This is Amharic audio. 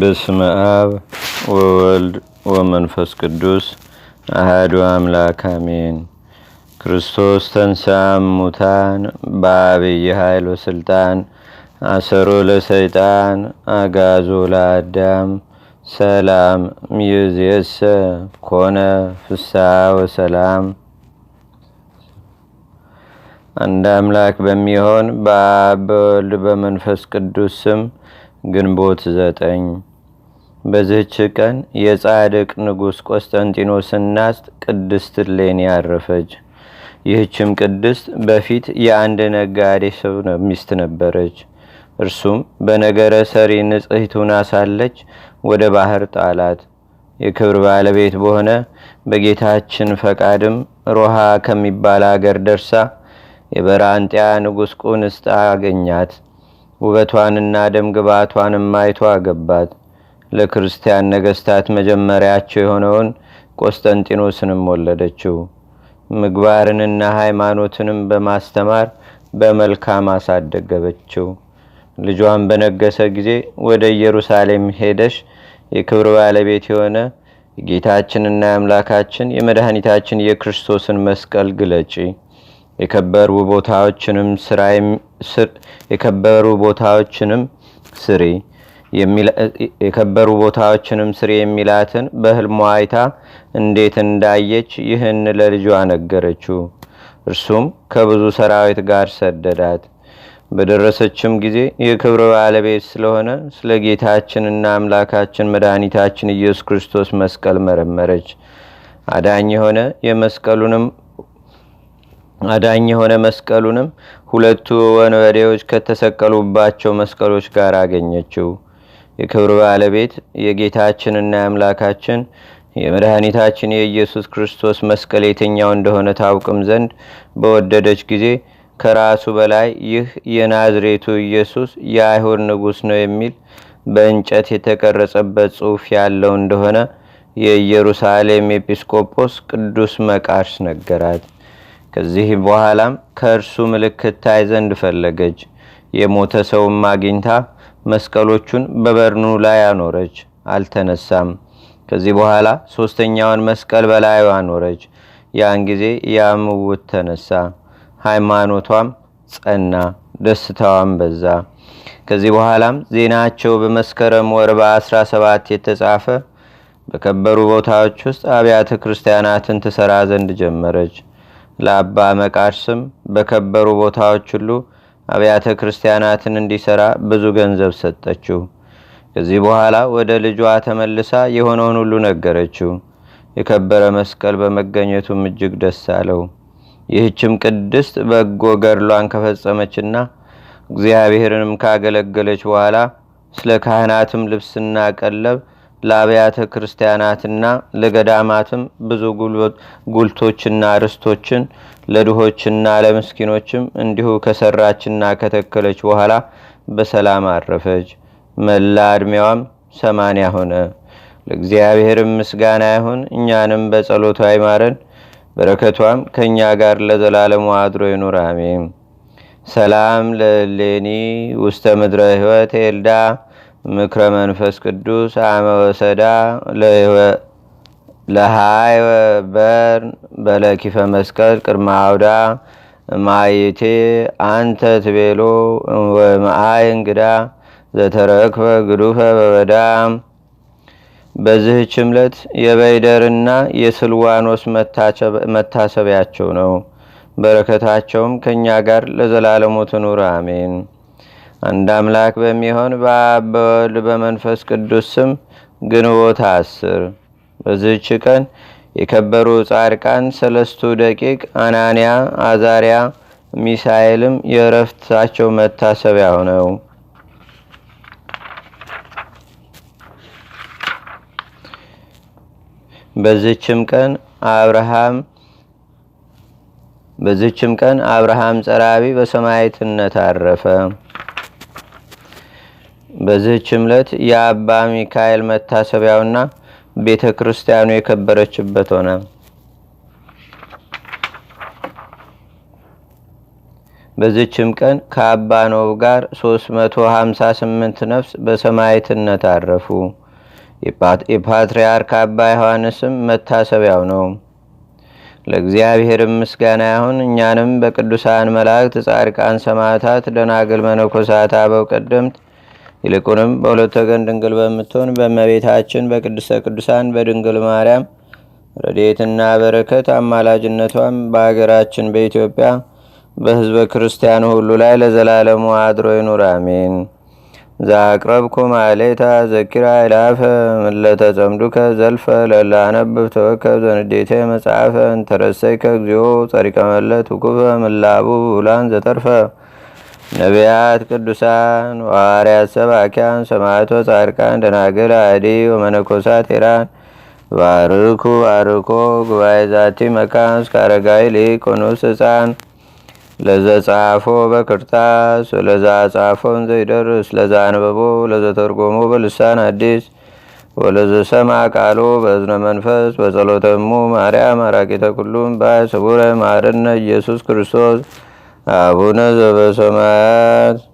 በስመ አብ ወወልድ ወመንፈስ ቅዱስ አህዱ አምላክ አሜን። ክርስቶስ ተንሳም ሙታን በአብይ ኃይል ወስልጣን አሰሮ ለሰይጣን አጋዞ ለአዳም ሰላም ይእዜሰ ኮነ ፍሳ ወሰላም። አንድ አምላክ በሚሆን በአብ በወልድ በመንፈስ ቅዱስ ስም ግንቦት ዘጠኝ በዚህች ቀን የጻድቅ ንጉሥ ቆስጠንጢኖስ እናት ቅድስት ሌን አረፈች። ይህችም ቅድስት በፊት የአንድ ነጋዴ ሰው ሚስት ነበረች። እርሱም በነገረ ሰሪ ንጽሕት አሳለች ወደ ባህር ጣላት። የክብር ባለቤት በሆነ በጌታችን ፈቃድም ሮሃ ከሚባል አገር ደርሳ የበራንጢያ ንጉሥ ቁንስጣ አገኛት። ውበቷንና ደም ደምግባቷንም አይቶ አገባት። ለክርስቲያን ነገስታት መጀመሪያቸው የሆነውን ቆስጠንጢኖስንም ወለደችው። ምግባርንና ሃይማኖትንም በማስተማር በመልካም አሳደገበችው። ልጇን በነገሰ ጊዜ ወደ ኢየሩሳሌም ሄደሽ የክብር ባለቤት የሆነ ጌታችንና የአምላካችን የመድኃኒታችን የክርስቶስን መስቀል ግለጪ የከበሩ ቦታዎችንም የከበሩ ቦታዎችንም ስሪ የከበሩ ቦታዎችንም ስሪ የሚላትን በህልሟ አይታ እንዴት እንዳየች ይህን ለልጇ ነገረችው። እርሱም ከብዙ ሰራዊት ጋር ሰደዳት። በደረሰችም ጊዜ የክብር ባለቤት ስለሆነ ስለ ጌታችንና አምላካችን መድኃኒታችን ኢየሱስ ክርስቶስ መስቀል መረመረች። አዳኝ የሆነ የመስቀሉንም አዳኝ የሆነ መስቀሉንም ሁለቱ ወንበዴዎች ከተሰቀሉባቸው መስቀሎች ጋር አገኘችው። የክብር ባለቤት የጌታችንና የአምላካችን የመድኃኒታችን የኢየሱስ ክርስቶስ መስቀል የትኛው እንደሆነ ታውቅም ዘንድ በወደደች ጊዜ ከራሱ በላይ ይህ የናዝሬቱ ኢየሱስ የአይሁድ ንጉሥ ነው የሚል በእንጨት የተቀረጸበት ጽሑፍ ያለው እንደሆነ የኢየሩሳሌም ኤጲስቆጶስ ቅዱስ መቃርስ ነገራት። ከዚህ በኋላም ከእርሱ ምልክት ታይ ዘንድ ፈለገች። የሞተ ሰውም አግኝታ መስቀሎቹን በበርኑ ላይ አኖረች፣ አልተነሳም። ከዚህ በኋላ ሦስተኛውን መስቀል በላዩ አኖረች። ያን ጊዜ ያምውት ተነሳ፣ ሃይማኖቷም ጸና፣ ደስታዋም በዛ። ከዚህ በኋላም ዜናቸው በመስከረም ወር በ17 የተጻፈ በከበሩ ቦታዎች ውስጥ አብያተ ክርስቲያናትን ትሰራ ዘንድ ጀመረች። ለአባ መቃርስም በከበሩ ቦታዎች ሁሉ አብያተ ክርስቲያናትን እንዲሠራ ብዙ ገንዘብ ሰጠችው። ከዚህ በኋላ ወደ ልጇ ተመልሳ የሆነውን ሁሉ ነገረችው። የከበረ መስቀል በመገኘቱም እጅግ ደስ አለው። ይህችም ቅድስት በጎ ገድሏን ከፈጸመችና እግዚአብሔርንም ካገለገለች በኋላ ስለ ካህናትም ልብስና ቀለብ ለአብያተ ክርስቲያናትና ለገዳማትም ብዙ ጉልቶችና ርስቶችን ለድሆችና ለምስኪኖችም እንዲሁ ከሰራችና ከተከለች በኋላ በሰላም አረፈች። መላ ዕድሜዋም ሰማንያ ሆነ። ለእግዚአብሔርም ምስጋና ይሁን፣ እኛንም በጸሎቷ አይማረን በረከቷም ከእኛ ጋር ለዘላለሙ አድሮ ይኑር፣ አሜን። ሰላም ለሌኒ ውስተ ምድረ ህይወት ኤልዳ ምክረ መንፈስ ቅዱስ አመወሰዳ ለሃይ በር በለኪፈ መስቀል ቅድመ አውዳ ማይቴ አንተ ትቤሎ ወመአይ እንግዳ ዘተረክበ ግዱፈ በበዳ በዚህች ችምለት የበይደርና የስልዋኖስ መታሰቢያቸው ነው። በረከታቸውም ከእኛ ጋር ለዘላለሙ ትኑር አሜን። አንድ አምላክ በሚሆን በአብ በወልድ በመንፈስ ቅዱስ ስም ግንቦት አስር በዝች ቀን የከበሩ ጻድቃን ሰለስቱ ደቂቅ አናንያ፣ አዛሪያ፣ ሚሳኤልም የእረፍታቸው መታሰቢያ ነው። በዚችም ቀን አብርሃም ቀን አብርሃም ጸራቢ በሰማይትነት አረፈ። በዚህች ለት የአባ ሚካኤል መታሰቢያውና ቤተ ክርስቲያኑ የከበረችበት ሆነ። በዚችም ቀን ከአባ ኖብ ጋር 358 ነፍስ በሰማይትነት አረፉ። የፓትርያርክ አባ ዮሐንስም መታሰቢያው ነው። ለእግዚአብሔር ምስጋና ያሁን እኛንም በቅዱሳን መላእክት፣ ጻድቃን፣ ሰማዕታት፣ ደናግል፣ መነኮሳት፣ አበው ቀደምት ይልቁንም በሁለት ወገን ድንግል በምትሆን በመቤታችን በቅድስተ ቅዱሳን በድንግል ማርያም ረዴትና በረከት አማላጅነቷም በአገራችን በኢትዮጵያ በህዝበ ክርስቲያኑ ሁሉ ላይ ለዘላለሙ አድሮ ይኑር፣ አሜን። ዘአቅረብኩ ማሌታ ዘኪራ ይላፈ ምለተ ጸምዱከ ዘልፈ ለላነብብ ተወከብ ዘንዴተ መጽሐፈ እንተረሰይከ እግዚኦ ጸሪቀመለት ውኩፈ ምላቡ ውላን ዘጠርፈ ነቢያት፣ ቅዱሳን፣ ሐዋርያት፣ ሰባኪያን፣ ሰማዕቶ፣ ጻድቃን፣ ደናግል፣ አዲ ወመነኮሳት ቴራን ባርኩ ባርኮ ጉባኤ ዛቲ መካን እስከ አረጋዊ ሊቅ ቁኑስ ህፃን ለዘጻፎ በክርታስ ወለዛ ጻፎን ዘይደርስ ለዛ አንበቦ ለዘተርጎሞ በልሳን አዲስ ወለዘሰማ ቃሎ በእዝነ መንፈስ በጸሎተሙ ማርያም አራቂተ ኩሉም ባይ ስቡረ ማርነ ኢየሱስ ክርስቶስ አቡነ ዘበሰማያት